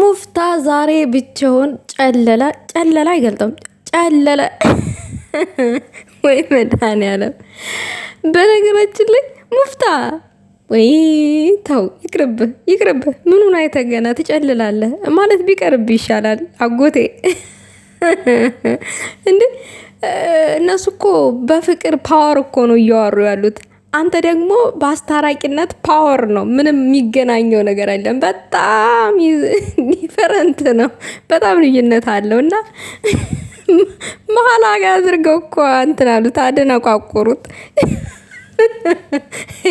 ሙፍታ ዛሬ ብቻውን ጨለለ። ጨለለ አይገልጠም፣ ጨለለ ወይ መድኃኒዓለም። በነገራችን ላይ ሙፍታ ወይ ተው ይቅርብ፣ ይቅርብህ። ምኑን አይተገና ትጨልላለህ ማለት ቢቀርብ ይሻላል አጎቴ። እንዴ እነሱ እኮ በፍቅር ፓወር እኮ ነው እያዋሩ ያሉት። አንተ ደግሞ በአስታራቂነት ፓወር ነው። ምንም የሚገናኘው ነገር አለን። በጣም ዲፈረንት ነው። በጣም ልዩነት አለው እና መሀል ሀገር አድርገው እኮ እንትን አሉት አደነቋቁሩት።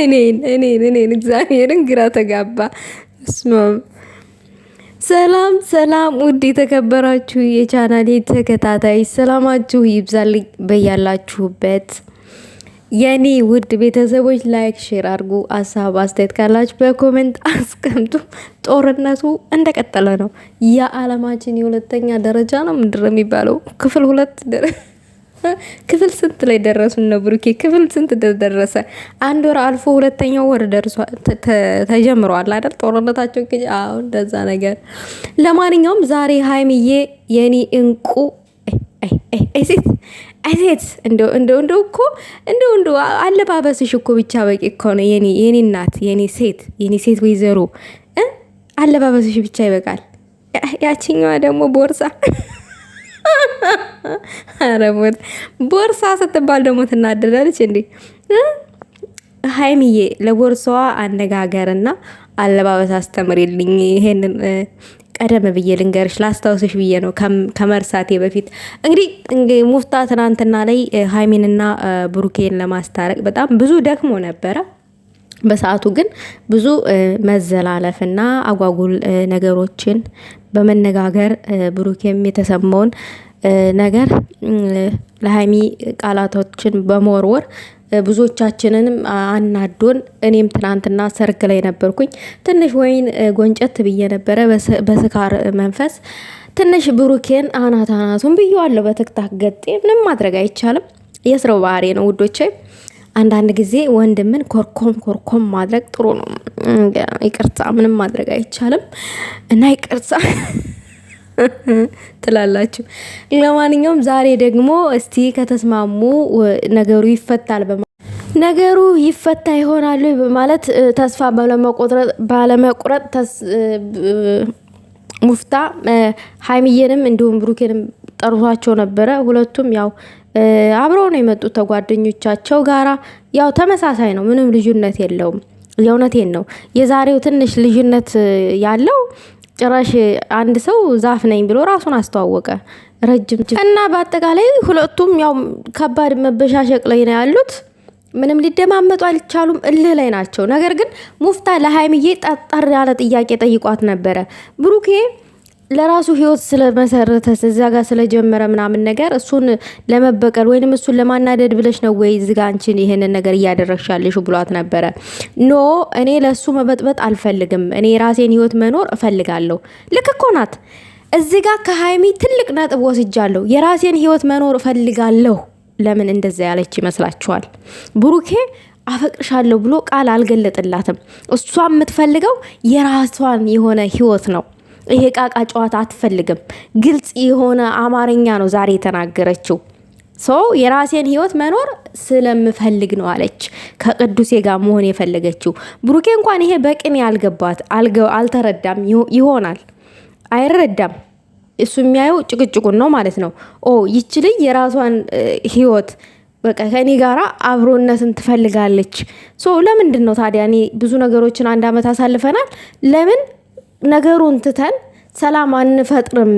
እኔን እኔን እኔን እግዚአብሔርን ግራ ተጋባ። ሰላም ሰላም፣ ውድ የተከበራችሁ የቻናሌ ተከታታይ ሰላማችሁ ይብዛልኝ በያላችሁበት የኔ ውድ ቤተሰቦች ላይክ፣ ሼር አድርጉ። አሳብ አስተያየት ካላችሁ በኮሜንት አስቀምጡ። ጦርነቱ እንደቀጠለ ነው። የዓለማችን የሁለተኛ ደረጃ ነው ምድር የሚባለው ክፍል ሁለት ክፍል ስንት ላይ ደረሱ? እነ ብሩኬ ክፍል ስንት ደረሰ? አንድ ወር አልፎ ሁለተኛው ወር ደርሷል፣ ተጀምሯል አይደል? ጦርነታቸው እንደዛ ነገር። ለማንኛውም ዛሬ ሀይምዬ የኔ እንቁ ሴት eh, ሴት eh, እንደው እንደው እኮ እንደው እንደው አለባበስሽ እኮ ብቻ በቂ እኮ ነው። የኔ የኔ እናት የኔ ሴት የኔ ሴት ወይዘሮ አለባበስሽ ብቻ ይበቃል። ያችኛዋ ደግሞ ቦርሳ አረቦት ቦርሳ ስትባል ደግሞ ትናደዳለች እንዴ ሀይሚዬ። ለቦርሳዋ አነጋገርና አለባበስ አስተምሪልኝ ይሄንን ቀደም ብዬ ልንገርሽ ላስታውስሽ ብዬ ነው ከመርሳቴ በፊት። እንግዲህ ሙፍታ ትናንትና ላይ ሀይሚንና ብሩኬን ለማስታረቅ በጣም ብዙ ደክሞ ነበረ። በሰዓቱ ግን ብዙ መዘላለፍና አጓጉል ነገሮችን በመነጋገር ብሩኬም የተሰማውን ነገር ለሀይሚ ቃላቶችን በመወርወር ብዙዎቻችንንም አናዶን። እኔም ትናንትና ሰርግ ላይ ነበርኩኝ። ትንሽ ወይን ጎንጨት ብዬ ነበረ በስካር መንፈስ ትንሽ ብሩኬን አናት አናቱን ብዬዋለሁ። በትክታክ ገጤ ምንም ማድረግ አይቻልም። የስረው ባህሪ ነው ውዶቼ። አንዳንድ ጊዜ ወንድምን ኮርኮም ኮርኮም ማድረግ ጥሩ ነው። ይቅርታ፣ ምንም ማድረግ አይቻልም እና ይቅርታ ትላላችሁ። ለማንኛውም ዛሬ ደግሞ እስቲ ከተስማሙ ነገሩ ይፈታል በማ ነገሩ ይፈታ ይሆናሉ በማለት ተስፋ ባለመቁረጥ ሙፍታ ሀይሚዬንም እንዲሁም ብሩኬንም ጠርቷቸው ነበረ። ሁለቱም ያው አብረው ነው የመጡት ተጓደኞቻቸው ጋራ ያው ተመሳሳይ ነው፣ ምንም ልዩነት የለውም። የእውነቴን ነው። የዛሬው ትንሽ ልዩነት ያለው ጭራሽ አንድ ሰው ዛፍ ነኝ ብሎ ራሱን አስተዋወቀ። ረጅም እና በአጠቃላይ ሁለቱም ያው ከባድ መበሻሸቅ ላይ ነው ያሉት። ምንም ሊደማመጡ አልቻሉም፣ እልህ ላይ ናቸው። ነገር ግን ሙፍታ ለሀይምዬ ጠጠር ያለ ጥያቄ ጠይቋት ነበረ ብሩኬ ለራሱ ህይወት ስለመሰረተ እዚያ ጋር ስለጀመረ ምናምን ነገር እሱን ለመበቀል ወይንም እሱን ለማናደድ ብለሽ ነው ወይ እዚጋ አንቺን ይሄንን ነገር እያደረግሻለሽ ብሏት ነበረ። ኖ እኔ ለእሱ መበጥበጥ አልፈልግም፣ እኔ የራሴን ህይወት መኖር እፈልጋለሁ። ልክ እኮ ናት። እዚህ ጋር ከሀይሚ ትልቅ ነጥብ ወስጃለሁ። የራሴን ህይወት መኖር እፈልጋለሁ። ለምን እንደዛ ያለች ይመስላችኋል? ብሩኬ አፈቅርሻለሁ ብሎ ቃል አልገለጥላትም። እሷ የምትፈልገው የራሷን የሆነ ህይወት ነው። ይሄ ቃቃ ጨዋታ አትፈልግም። ግልጽ የሆነ አማርኛ ነው ዛሬ የተናገረችው። ሰው የራሴን ህይወት መኖር ስለምፈልግ ነው አለች። ከቅዱሴ ጋር መሆን የፈለገችው ብሩኬ እንኳን ይሄ በቅኔ አልገባት አልተረዳም ይሆናል አይረዳም። እሱ የሚያየው ጭቅጭቁን ነው ማለት ነው። ኦ ይች ልጅ የራሷን ህይወት በቃ ከኔ ጋራ አብሮነትን ትፈልጋለች። ሶ ለምንድን ነው ታዲያ እኔ ብዙ ነገሮችን አንድ አመት አሳልፈናል ለምን ነገሩን ትተን ሰላም አንፈጥርም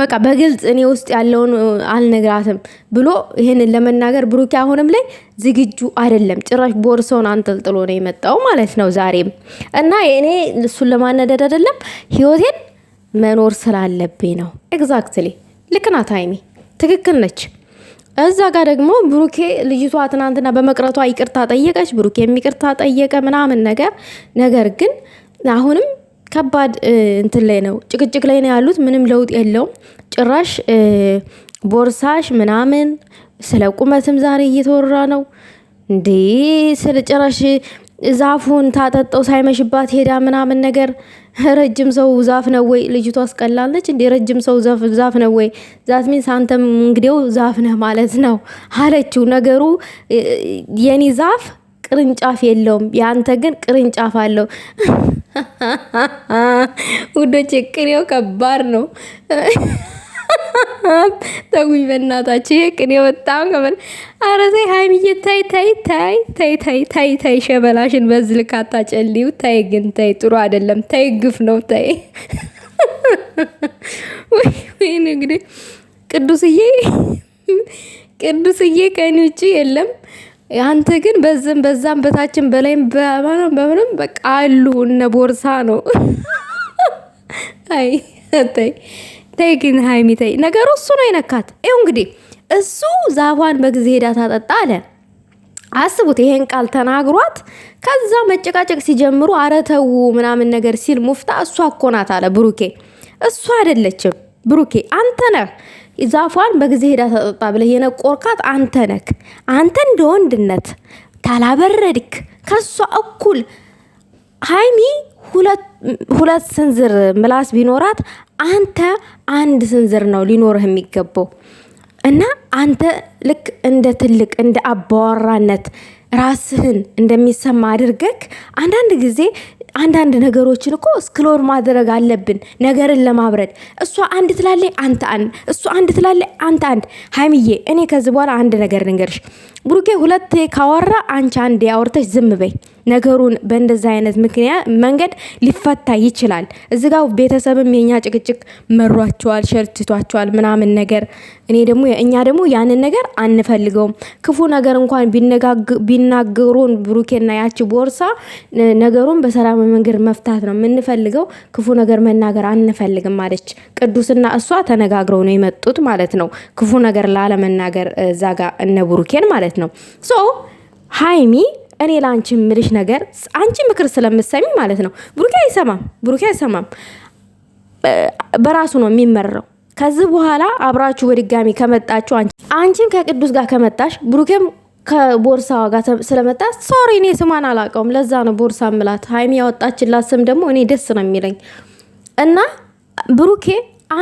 በቃ በግልጽ እኔ ውስጥ ያለውን አልነግራትም ብሎ ይህንን ለመናገር ብሩኬ አሁንም ላይ ዝግጁ አይደለም። ጭራሽ ቦርሰውን አንጠልጥሎ ነው የመጣው ማለት ነው ዛሬም እና እኔ እሱን ለማነደድ አይደለም ህይወቴን መኖር ስላለብኝ ነው። ኤግዛክትሊ ልክ ናት ሀይሚ ትክክል ነች። እዛ ጋር ደግሞ ብሩኬ ልጅቷ ትናንትና በመቅረቷ ይቅርታ ጠየቀች፣ ብሩኬ የሚቅርታ ጠየቀ ምናምን ነገር ነገር ግን አሁንም ከባድ እንትን ላይ ነው፣ ጭቅጭቅ ላይ ነው ያሉት። ምንም ለውጥ የለውም። ጭራሽ ቦርሳሽ ምናምን ስለ ቁመትም ዛሬ እየተወራ ነው እንዴ ስለ ጭራሽ ዛፉን ታጠጠው ሳይመሽባት ሄዳ ምናምን ነገር ረጅም ሰው ዛፍ ነው ወይ? ልጅቷ አስቀላለች እንዴ? ረጅም ሰው ዛፍ ነው ወይ? ዛትሚን ሳንተም እንግዲው ዛፍ ነህ ማለት ነው አለችው። ነገሩ የኔ ዛፍ ቅርንጫፍ የለውም። ያንተ ግን ቅርንጫፍ አለው። ውዶቼ ቅኔው ከባድ ነው። ተጉኝ በእናታችሁ ይሄ ቅኔ በጣም ከበል። ኧረ ተይ ሀይሚዬ ታይ ታይ ታይ ታይ ታይ ታይ ታይ ሸበላሽን በዚህ ልክ አታጨልዩ። ታይ ግን ታይ ጥሩ አይደለም። ታይ ግፍ ነው። ታይ ወይ እንግዲህ ቅዱስዬ ቅዱስዬ ከኔ ውጭ የለም። አንተ ግን በዝም በዛም በታችን በላይም በማንም በምንም በቃ አሉ እነ ቦርሳ ነው። አይ ተይ ተይ ግን ሀይሚ ተይ፣ ነገሩ እሱ ነው የነካት። ይኸው እንግዲህ እሱ ዛፏን በጊዜ ሄዳ ታጠጣ አለ። አስቡት ይሄን ቃል ተናግሯት፣ ከዛ መጨቃጨቅ ሲጀምሩ አረተው ምናምን ነገር ሲል ሙፍታ እሷ እኮ ናት አለ ብሩኬ። እሱ አይደለችም ብሩኬ አንተ ነህ። ዛፏን በጊዜ ሄዳ ተጠጣ ብለህ የነቆርካት አንተ ነክ አንተ እንደ ወንድነት ታላበረድክ ከሷ እኩል ሀይሚ ሁለት ስንዝር ምላስ ቢኖራት አንተ አንድ ስንዝር ነው ሊኖርህ የሚገባው። እና አንተ ልክ እንደ ትልቅ እንደ አባወራነት ራስህን እንደሚሰማ አድርገክ አንዳንድ ጊዜ አንዳንድ ነገሮችን እኮ ስክሎር ማድረግ አለብን ነገርን ለማብረድ። እሷ አንድ ትላለች፣ አንተ አንድ፣ እሱ አንድ ትላለች፣ አንተ አንድ። ሀይምዬ እኔ ከዚህ በኋላ አንድ ነገር ንገርሽ፣ ብሩኬ ሁለቴ ካወራ አንቺ አንዴ አውርተሽ ዝም በይ። ነገሩን በእንደዛ አይነት ምክንያት መንገድ ሊፈታ ይችላል። እዚ ጋ ቤተሰብም የኛ ጭቅጭቅ መሯቸዋል፣ ሸርትቷቸዋል ምናምን ነገር እኔ ደግሞ እኛ ደግሞ ያንን ነገር አንፈልገውም። ክፉ ነገር እንኳን ቢናገሩን ብሩኬና ያቺ ቦርሳ ነገሩን በሰላም መንገድ መፍታት ነው የምንፈልገው። ክፉ ነገር መናገር አንፈልግም ማለች ቅዱስና እሷ ተነጋግረው ነው የመጡት ማለት ነው። ክፉ ነገር ላለመናገር እዛ ጋ እነ ብሩኬን ማለት ነው ሶ ሀይሚ እኔ ለአንቺ ምልሽ ነገር አንቺ ምክር ስለምሰሚ ማለት ነው። ብሩኬ አይሰማም፣ ብሩኬ አይሰማም። በራሱ ነው የሚመራው። ከዚህ በኋላ አብራችሁ በድጋሚ ከመጣችሁ አንቺም ከቅዱስ ጋር ከመጣሽ ብሩኬም ከቦርሳዋ ጋር ስለመጣ ሶሪ፣ እኔ ስሟን አላውቀውም። ለዛ ነው ቦርሳ ምላት። ሀይሚ ያወጣችላት ስም ደግሞ እኔ ደስ ነው የሚለኝ እና ብሩኬ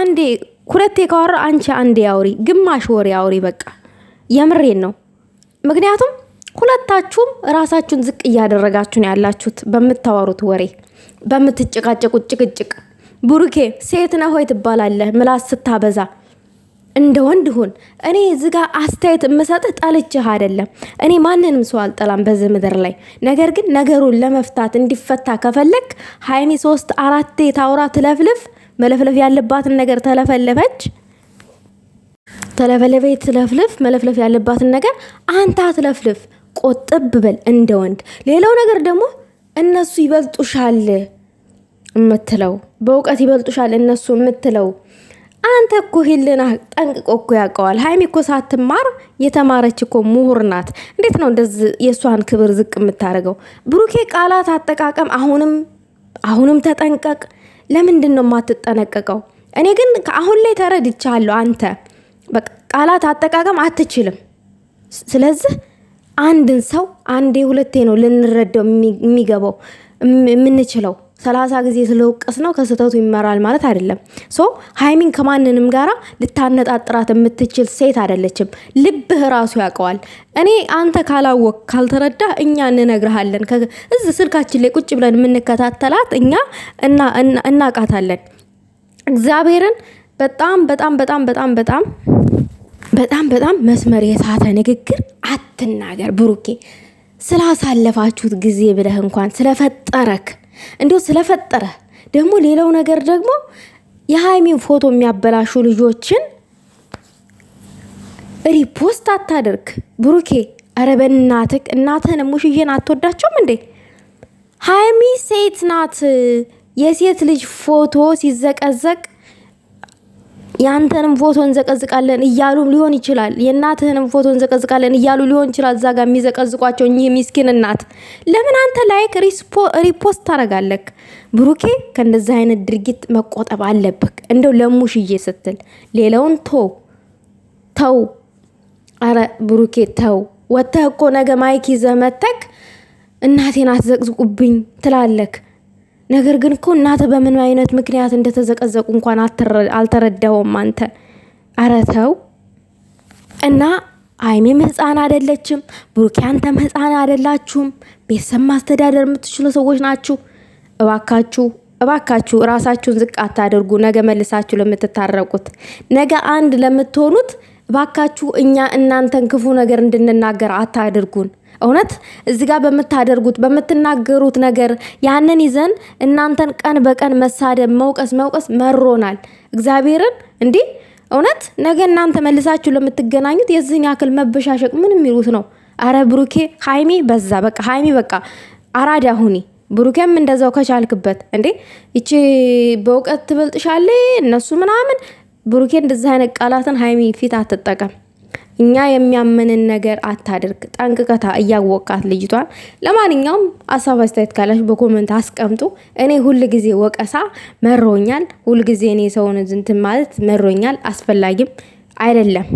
አንዴ ሁለቴ ካወራ አንቺ አንዴ አውሪ፣ ግማሽ ወሬ አውሪ። በቃ የምሬን ነው ምክንያቱም ሁለታችሁም ራሳችሁን ዝቅ እያደረጋችሁ ነው ያላችሁት በምታወሩት ወሬ፣ በምትጨቃጨቁት ጭቅጭቅ። ቡሩኬ ሴት ነህ ሆይ ትባላለህ፣ ምላስ ስታበዛ እንደ ወንድ ሁን። እኔ እዚህ ጋር አስተያየት የምሰጥህ ጠልቼህ አይደለም። እኔ ማንንም ሰው አልጠላም በዚህ ምድር ላይ። ነገር ግን ነገሩን ለመፍታት እንዲፈታ ከፈለግ ሀይሚ ሶስት አራቴ ታውራ ትለፍልፍ። መለፍለፍ ያለባትን ነገር ተለፈለፈች፣ ተለፈለፈች፣ ትለፍልፍ። መለፍለፍ ያለባትን ነገር አንተ አትለፍልፍ። ቆጥብ በል እንደ ወንድ። ሌላው ነገር ደግሞ እነሱ ይበልጡሻል የምትለው በእውቀት ይበልጡሻል እነሱ የምትለው አንተ እኮ ሂልና ጠንቅቆ እኮ ያውቀዋል። ሀይሚ እኮ ሳትማር የተማረች እኮ ምሁር ናት። እንዴት ነው እንደዚህ የእሷን ክብር ዝቅ የምታደርገው? ብሩኬ ቃላት አጠቃቀም አሁንም አሁንም ተጠንቀቅ። ለምንድን ነው የማትጠነቀቀው? እኔ ግን ከአሁን ላይ ተረድቻለሁ። አንተ ቃላት አጠቃቀም አትችልም። ስለዚህ አንድን ሰው አንዴ ሁለቴ ነው ልንረዳው የሚገባው የምንችለው። ሰላሳ ጊዜ ስለውቀስ ነው ከስህተቱ ይመራል ማለት አይደለም። ሶ ሀይሚን ከማንንም ጋር ልታነጣጥራት የምትችል ሴት አይደለችም። ልብህ ራሱ ያውቀዋል። እኔ አንተ ካላወቅ ካልተረዳ እኛ እንነግርሃለን። እዚ ስልካችን ላይ ቁጭ ብለን የምንከታተላት እኛ እናቃታለን። እግዚአብሔርን በጣም በጣም በጣም በጣም በጣም በጣም በጣም መስመር የሳተ ንግግር አትናገር ብሩኬ። ስላሳለፋችሁት ጊዜ ብለህ እንኳን ስለፈጠረክ እንዲሁ ስለፈጠረ ደግሞ ሌላው ነገር ደግሞ የሀይሚን ፎቶ የሚያበላሹ ልጆችን ሪፖስት አታደርግ ብሩኬ። ኧረ በእናትህ እናትህን ሙሽዬን አትወዳቸውም እንዴ? ሀይሚ ሴት ናት። የሴት ልጅ ፎቶ ሲዘቀዘቅ የአንተንም ፎቶ እንዘቀዝቃለን እያሉም ሊሆን ይችላል። የእናትህንም ፎቶ እንዘቀዝቃለን እያሉ ሊሆን ይችላል። እዛ ጋር የሚዘቀዝቋቸው እኚህ ሚስኪን እናት ለምን አንተ ላይክ ሪፖስት ታደርጋለህ? ብሩኬ ከእንደዚህ አይነት ድርጊት መቆጠብ አለብህ። እንደው ለሙሽዬ ስትል ሌላውን ቶ ተው። አረ ብሩኬ ተው። ወተህ እኮ ነገ ማይክ ይዘህ መተክ እናቴን አትዘቅዝቁብኝ ትላለክ። ነገር ግን እኮ እናተ በምን አይነት ምክንያት እንደተዘቀዘቁ እንኳን አልተረዳውም አንተ። አረተው እና አይሜም ህፃን አይደለችም። ብሩኬ አንተም ህፃን አይደላችሁም። ቤተሰብ ማስተዳደር የምትችሉ ሰዎች ናችሁ። እባካችሁ እባካችሁ ራሳችሁን ዝቅ አታደርጉ። ነገ መልሳችሁ ለምትታረቁት፣ ነገ አንድ ለምትሆኑት እባካችሁ እኛ እናንተን ክፉ ነገር እንድንናገር አታድርጉን። እውነት እዚ ጋር በምታደርጉት በምትናገሩት ነገር ያንን ይዘን እናንተን ቀን በቀን መሳደብ፣ መውቀስ መውቀስ መሮናል። እግዚአብሔርን እንዲህ እውነት ነገ እናንተ መልሳችሁ ለምትገናኙት የዚህን ያክል መበሻሸቅ ምን የሚሉት ነው? አረ ብሩኬ ሀይሚ በዛ። በቃ ሀይሚ በቃ አራዳ ሁኒ። ብሩኬም እንደዛው ከቻልክበት እንዴ ይቺ በእውቀት ትበልጥሻለ እነሱ ምናምን። ብሩኬ እንደዚህ አይነት ቃላትን ሀይሚ ፊት አትጠቀም። እኛ የሚያምንን ነገር አታድርግ። ጠንቅቀታ እያወቃት ልጅቷን። ለማንኛውም አሳብ አስተያየት ካላች በኮመንት አስቀምጡ። እኔ ሁል ጊዜ ወቀሳ መሮኛል። ሁል ጊዜ እኔ ሰውን ዝንትን ማለት መሮኛል። አስፈላጊም አይደለም።